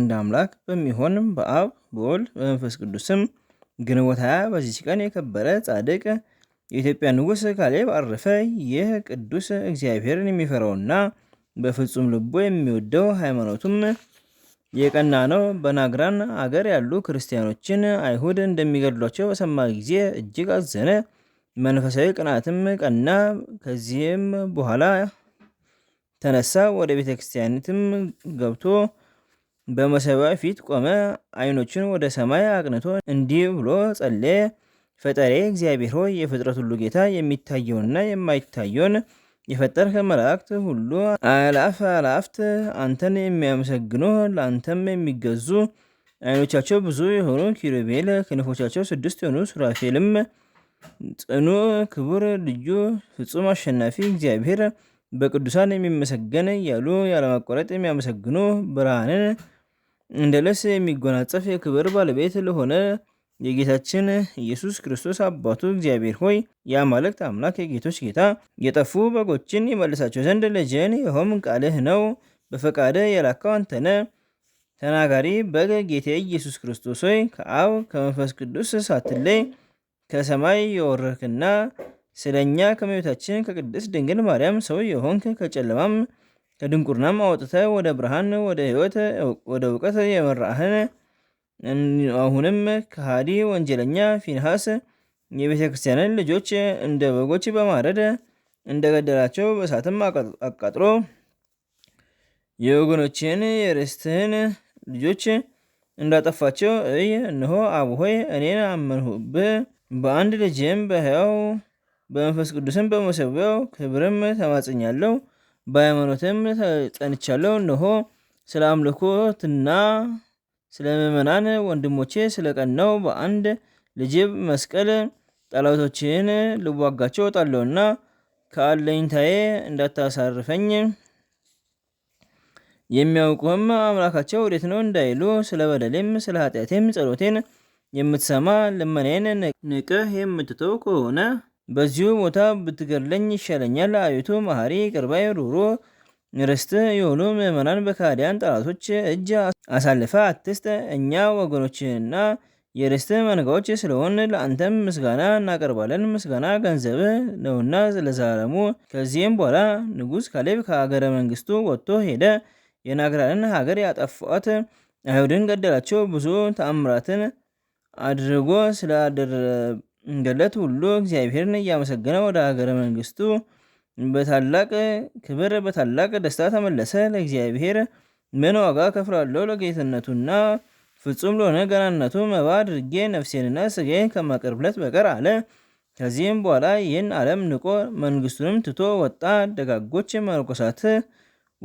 አንድ አምላክ በሚሆን በአብ በወልድ በመንፈስ ቅዱስም ግንቦት ሃያ በዚች ቀን የከበረ ጻድቅ የኢትዮጵያ ንጉሥ ካሌብ አረፈ። ይህ ቅዱስ እግዚአብሔርን የሚፈራውና በፍጹም ልቦ የሚወደው ሃይማኖቱም የቀና ነው። በናግራን አገር ያሉ ክርስቲያኖችን አይሁድ እንደሚገድሏቸው በሰማ ጊዜ እጅግ አዘነ። መንፈሳዊ ቅናትም ቀና። ከዚህም በኋላ ተነሳ። ወደ ቤተ ክርስቲያኒትም ገብቶ በመሰቢያ ፊት ቆመ። አይኖችን ወደ ሰማይ አቅንቶ እንዲህ ብሎ ጸለየ። ፈጠሬ እግዚአብሔር ሆይ የፍጥረት ሁሉ ጌታ፣ የሚታየውንና የማይታየውን የፈጠርከ መላእክት ሁሉ አላፍ አላፍት አንተን የሚያመሰግኑ ለአንተም የሚገዙ አይኖቻቸው ብዙ የሆኑ ኪሩቤል፣ ክንፎቻቸው ስድስት የሆኑ ሱራፌልም ጽኑ ክቡር፣ ልዩ፣ ፍጹም አሸናፊ እግዚአብሔር በቅዱሳን የሚመሰገን እያሉ ያለማቋረጥ የሚያመሰግኑ ብርሃንን እንደ ልብስ የሚጎናጸፍ የክብር ባለቤት ለሆነ የጌታችን ኢየሱስ ክርስቶስ አባቱ እግዚአብሔር ሆይ የአማልክት አምላክ የጌቶች ጌታ የጠፉ በጎችን ይመልሳቸው ዘንድ ልጅን ይኸውም ቃልህ ነው በፈቃደ የላካው አንተነ ተናጋሪ በግ ጌቴ ኢየሱስ ክርስቶስ ሆይ ከአብ ከመንፈስ ቅዱስ ሳትለይ ከሰማይ የወረክና ስለኛ ከመቤታችን ከቅድስት ድንግል ማርያም ሰው የሆንክ ከጨለማም ከድንቁርናም አውጥተህ ወደ ብርሃን ወደ ሕይወት ወደ እውቀት የመራህን አሁንም ከሃዲ ወንጀለኛ ፊንሃስ የቤተ ክርስቲያንን ልጆች እንደ በጎች በማረድ እንደገደላቸው በእሳትም አቃጥሎ የወገኖችን የርስትህን ልጆች እንዳጠፋቸው እይ። እነሆ አብ ሆይ እኔን አመንሁብህ፣ በአንድ ልጅም በሕያው በመንፈስ ቅዱስም በመሰዊያው ክብርም ተማጽኛለሁ። በሃይማኖትም ጸንቻለሁ። እነሆ ስለ አምልኮትና ስለ ምእመናን ወንድሞቼ ስለ ቀናው በአንድ ልጅብ መስቀል ጠላቶችን ልዋጋቸው እወጣለሁና ከአለኝታዬ እንዳታሳርፈኝ። የሚያውቁም አምላካቸው ወዴት ነው እንዳይሉ ስለ በደሌም ስለ ኃጢአቴም ጸሎቴን የምትሰማ ልመናዬን ንቅህ የምትተው ከሆነ በዚሁ ቦታ ብትገድለኝ ይሻለኛል። አቤቱ መሐሪ፣ ቅርባይ፣ ሩሮ ርስት የሆኑ ምዕመናን በካዲያን ጠላቶች እጅ አሳልፈ አትስጥ። እኛ ወገኖችና የርስት መንጋዎች ስለሆን ለአንተም ምስጋና እናቀርባለን። ምስጋና ገንዘብ ነውና ለዛለሙ። ከዚህም በኋላ ንጉሥ ካሌብ ከሀገረ መንግስቱ ወጥቶ ሄደ። የናግራንን ሀገር ያጠፏት አይሁድን ገደላቸው። ብዙ ተአምራትን አድርጎ ስላደረ እንገለት ሁሉ እግዚአብሔርን እያመሰገነ ወደ ሀገረ መንግስቱ በታላቅ ክብር በታላቅ ደስታ ተመለሰ። ለእግዚአብሔር ምን ዋጋ ከፍራለሁ? ለጌትነቱና ፍጹም ለሆነ ገናነቱ መባ አድርጌ ነፍሴንና ስጋዬን ከማቀርብለት በቀር አለ። ከዚህም በኋላ ይህን ዓለም ንቆ መንግስቱንም ትቶ ወጣ። ደጋጎች መነኮሳት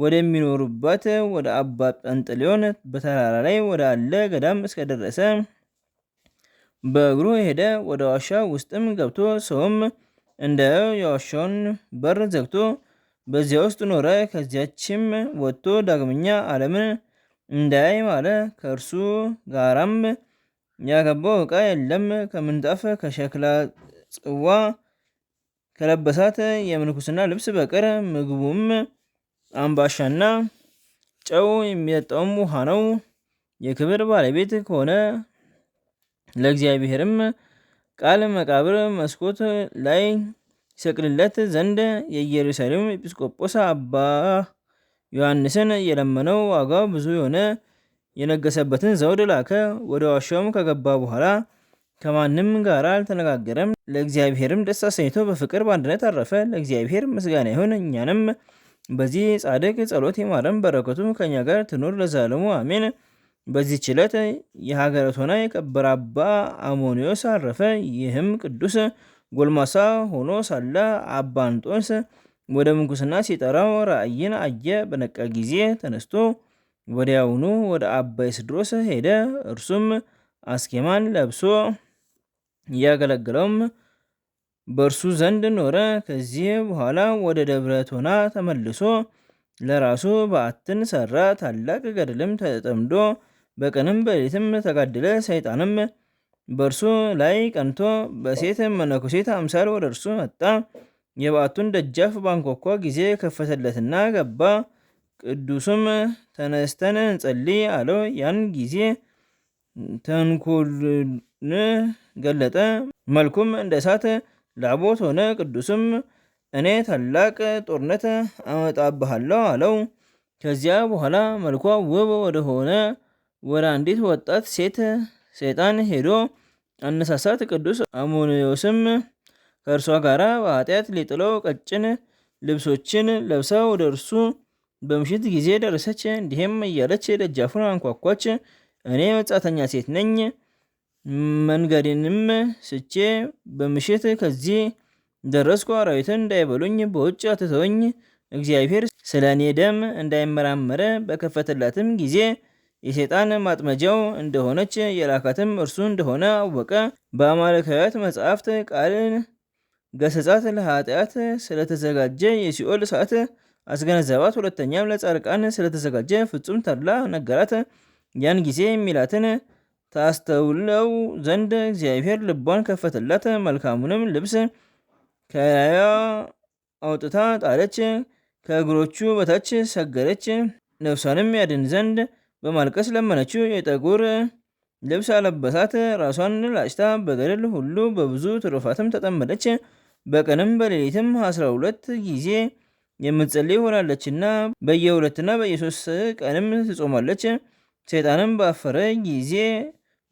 ወደሚኖሩበት ወደ አባ ጰንጠሌዎን በተራራ ላይ ወደ አለ ገዳም እስከደረሰ በእግሩ ሄደ። ወደ ዋሻ ውስጥም ገብቶ ሰውም እንዳየው የዋሻውን በር ዘግቶ በዚያ ውስጥ ኖረ። ከዚያችም ወጥቶ ዳግመኛ ዓለምን እንዳያይ ማለ። ከእርሱ ጋራም ያገባው ዕቃ የለም። ከምንጣፍ፣ ከሸክላ ጽዋ፣ ከለበሳት የምንኩስና ልብስ በቀር ምግቡም አምባሻና ጨው፣ የሚጠጣውም ውሃ ነው። የክብር ባለቤት ከሆነ ለእግዚአብሔርም ቃል መቃብር መስኮት ላይ ይሰቅልለት ዘንድ የኢየሩሳሌም ኤጲስቆጶስ አባ ዮሐንስን የለመነው ዋጋው ብዙ የሆነ የነገሰበትን ዘውድ ላከ። ወደ ዋሻውም ከገባ በኋላ ከማንም ጋር አልተነጋገረም። ለእግዚአብሔርም ደስ አሰኝቶ በፍቅር በአንድነት አረፈ። ለእግዚአብሔር ምስጋና ይሁን፣ እኛንም በዚህ ጻድቅ ጸሎት ይማረን፣ በረከቱም ከእኛ ጋር ትኑር ለዘላለሙ አሜን። በዚህች ዕለት የሀገረት ሆነ የቀበረ አባ አሞኒዮስ አረፈ። ይህም ቅዱስ ጎልማሳ ሆኖ ሳለ አባ አንጦንስ ወደ ምንኩስና ሲጠራው ራእይን አየ። በነቃ ጊዜ ተነስቶ ወዲያውኑ ወደ አባ ይስድሮስ ሄደ። እርሱም አስኬማን ለብሶ እያገለገለውም በእርሱ ዘንድ ኖረ። ከዚህ በኋላ ወደ ደብረ ቶና ተመልሶ ለራሱ በዓትን ሰራ። ታላቅ ገድልም ተጠምዶ በቀንም በሌትም ተጋደለ። ሰይጣንም በእርሱ ላይ ቀንቶ በሴት መነኮሴት አምሳል ወደ እርሱ መጣ። የበዓቱን ደጃፍ ባንኳኳ ጊዜ ከፈተለትና ገባ። ቅዱሱም ተነስተን እንጸልይ አለው። ያን ጊዜ ተንኮልን ገለጠ፣ መልኩም እንደ እሳት ላቦት ሆነ። ቅዱስም እኔ ታላቅ ጦርነት አመጣብሃለሁ አለው። ከዚያ በኋላ መልኳ ውብ ወደሆነ ወደ አንዲት ወጣት ሴት ሰይጣን ሄዶ አነሳሳት። ቅዱስ አሞኒዮስም ከእርሷ ጋር በኃጢአት ሊጥለው ቀጭን ልብሶችን ለብሳ ወደ እርሱ በምሽት ጊዜ ደረሰች። እንዲህም እያለች ደጃፉን አንኳኳች። እኔ መጻተኛ ሴት ነኝ፣ መንገድንም ስቼ በምሽት ከዚህ ደረስኩ። አራዊትን እንዳይበሉኝ በውጭ አትተወኝ። እግዚአብሔር ስለ እኔ ደም እንዳይመራመረ በከፈተላትም ጊዜ የሰይጣን ማጥመጃው እንደሆነች የላካትም እርሱ እንደሆነ አወቀ። በአማልካውያት መጽሐፍት ቃልን ገሰጻት፣ ለኃጢአት ስለተዘጋጀ የሲኦል እሳት አስገነዘባት። ሁለተኛም ለጻድቃን ስለተዘጋጀ ፍጹም ተድላ ነገራት። ያን ጊዜ የሚላትን ታስተውለው ዘንድ እግዚአብሔር ልቧን ከፈተላት። መልካሙንም ልብስ ከላያ አውጥታ ጣለች፣ ከእግሮቹ በታች ሰገደች። ነፍሷንም ያድን ዘንድ በማልቀስ ለመነችው። የጠጉር ልብስ አለበሳት። ራሷን ላጭታ በገደል ሁሉ በብዙ ትሩፋትም ተጠመደች። በቀንም በሌሊትም 12 ጊዜ የምትጸልይ ሆናለችና በየሁለትና በየሶስት ቀንም ትጾማለች። ሰይጣንም ባፈረ ጊዜ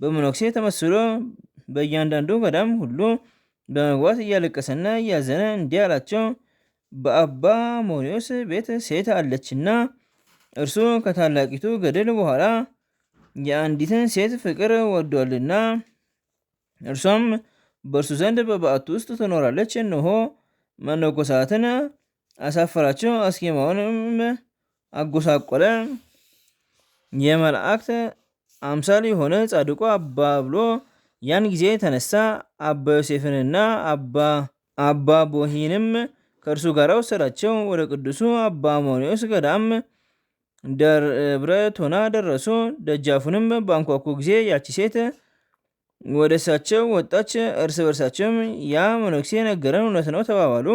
በመነኩሴ ተመስሎ በእያንዳንዱ ገዳም ሁሉ በመግባት እያለቀሰና እያዘነ እንዲህ አላቸው። በአባ ሞኒዎስ ቤት ሴት አለችና እርሱ ከታላቂቱ ገድል በኋላ የአንዲትን ሴት ፍቅር ወዷልና እርሷም በእርሱ ዘንድ በበዓቱ ውስጥ ትኖራለች። እንሆ መነኮሳትን አሳፈራቸው፣ አስኬማውንም አጎሳቆለ። የመላእክት አምሳል የሆነ ጻድቁ አባ ብሎ ያን ጊዜ ተነሳ። አባ ዮሴፍንና አባ ቦሂንም ከእርሱ ጋር ወሰዳቸው። ወደ ቅዱሱ አባ አሞኒዎስ ገዳም ደብረት ሆና ደረሱ። ደጃፉንም በአንኳኩ ጊዜ ያቺ ሴት ወደ እሳቸው ወጣች። እርስ በርሳቸውም ያ መነኩሴ ነገረን፣ እውነት ነው ተባባሉ።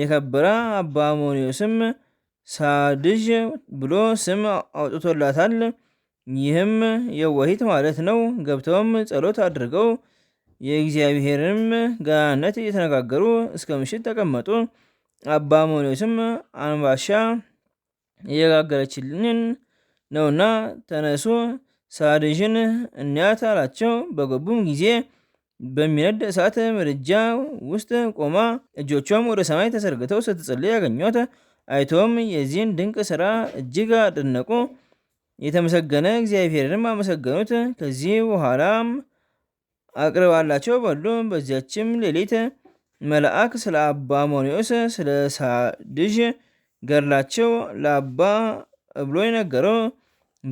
የከበረ አባ አሞኒዮስም ሳድዥ ብሎ ስም አውጥቶላታል። ይህም የዋሂት ማለት ነው። ገብተውም ጸሎት አድርገው የእግዚአብሔርም ገናነት እየተነጋገሩ እስከ ምሽት ተቀመጡ። አባ አሞኒዮስም አንባሻ እየጋገረችልን ነውና ተነሱ ሳድዥን እንያት አላቸው። በገቡም ጊዜ በሚነድ እሳት ምድጃ ውስጥ ቆማ እጆቿም ወደ ሰማይ ተዘርግተው ስትጸልይ ያገኟት። አይቶም የዚህን ድንቅ ስራ እጅግ አደነቁ። የተመሰገነ እግዚአብሔርንም አመሰገኑት። ከዚህ በኋላም አቅርባላቸው በሉ። በዚያችም ሌሊት መልአክ ስለ አባ ሞኒዮስ ስለ ሳድዥ ገድላቸው ለአባ ብሎ የነገረው።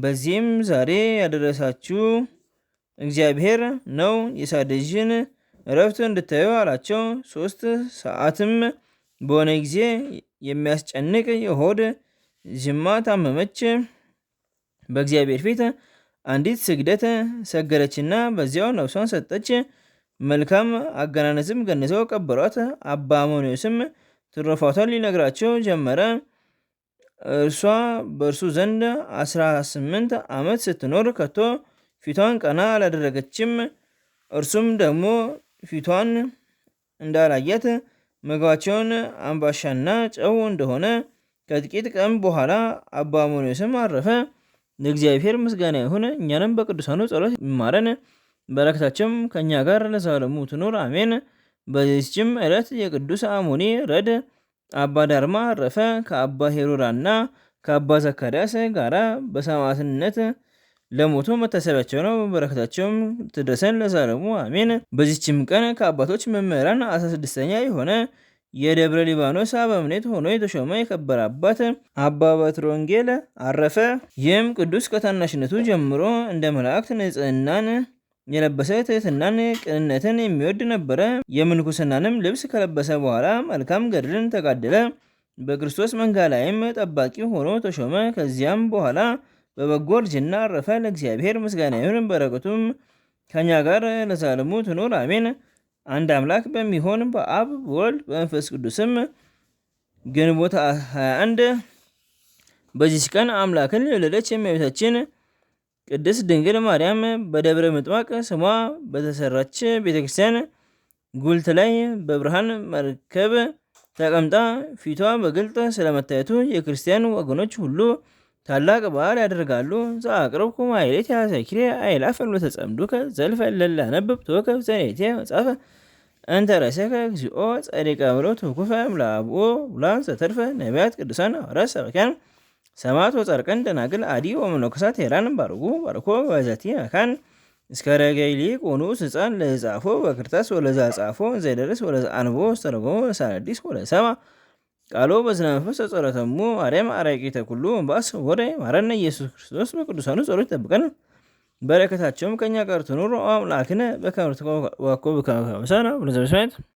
በዚህም ዛሬ ያደረሳችሁ እግዚአብሔር ነው፣ የሳደዥን እረፍት እንድታዩ አላቸው። ሶስት ሰዓትም በሆነ ጊዜ የሚያስጨንቅ የሆድ ዥማ ታመመች። በእግዚአብሔር ፊት አንዲት ስግደት ሰገደችና በዚያው ነፍሷን ሰጠች። መልካም አገናነዝም ገንዘው ቀበሯት። አባ አሞኒዮስም ትሩፋቷን ሊነግራቸው ጀመረ። እርሷ በእርሱ ዘንድ 18 ዓመት ስትኖር ከቶ ፊቷን ቀና አላደረገችም። እርሱም ደግሞ ፊቷን እንዳላየት ምግባቸውን አምባሻና ጨው እንደሆነ ከጥቂት ቀን በኋላ አባ አሞንዮስም አረፈ። ለእግዚአብሔር ምስጋና ይሁን፣ እኛንም በቅዱሳኑ ጸሎት ይማረን፣ በረከታቸውም ከእኛ ጋር ለዘላለሙ ትኑር አሜን። በዚችም ዕለት የቅዱስ አሞኒ ረድ አባ ዳርማ አረፈ። ከአባ ሄሮዳ ከአባ ዘካርያስ ጋር በሰማዕትነት ለሞቱ መታሰቢያቸው ነው። በረከታቸውም ትድረሰን ለዛለሙ አሜን። በዚችም ቀን ከአባቶች መምህራን አስራ ስድስተኛ የሆነ የደብረ ሊባኖስ አበምኔት ሆኖ የተሾመ የከበረ አባት አባ በትሮንጌል አረፈ። ይህም ቅዱስ ከታናሽነቱ ጀምሮ እንደ መላእክት ንጽህናን የለበሰ ትህትናን፣ ቅንነትን የሚወድ ነበረ። የምንኩስናንም ልብስ ከለበሰ በኋላ መልካም ገድልን ተጋደለ። በክርስቶስ መንጋ ላይም ጠባቂ ሆኖ ተሾመ። ከዚያም በኋላ በበጎ እርጅና አረፈ። ለእግዚአብሔር ምስጋና ይሁን፣ በረከቱም ከኛ ጋር ለዛለሙ ትኑር አሜን። አንድ አምላክ በሚሆን በአብ በወልድ በመንፈስ ቅዱስም ግንቦት 21 በዚች ቀን አምላክን የወለደች የእመቤታችን ቅድስት ድንግል ማርያም በደብረ ምጥማቅ ስሟ በተሰራች ቤተክርስቲያን ጉልት ላይ በብርሃን መርከብ ተቀምጣ ፊቷ በግልጥ ስለመታየቱ የክርስቲያን ወገኖች ሁሉ ታላቅ በዓል ያደርጋሉ። ዘአቅርብኩ ማኅሌተ አሰኪሬ አእላፍ ተጸምዱከ ዘልፈ ለላነብብ አነብብ ዘኔቴ መጻፈ እንተ ርእሰከ እግዚኦ ጸዲቀ ብሎ ኩፈ ምላብኦ ቡላን ዘተርፈ ነቢያት ቅዱሳን ሐዋርያት ሰባክያን ሰማዕት ወጻድቃን ደናግል አዲ ወመነኮሳት ሄራን ባርጉ ባርኮ በዛቲ መካን እስከ ረገይሊ ቆኑ ስፃን ለጻፎ በክርታስ ወለዛ ጻፎ እንዘይደርስ ወለዛ አንቦ ስተረጎሞ ሳነዲስ ወለሰማ ቃሎ በዝነ መንፈስ ተጸረተሙ ማርያም አራቂተ ኩሉ እምባእስ ወደ ማረነ ኢየሱስ ክርስቶስ በቅዱሳኑ ጸሎት ይጠብቀን። በረከታቸውም ከእኛ ጋር ትኑር። አምላክነ በከመ ትኮን ወኮብ ከመ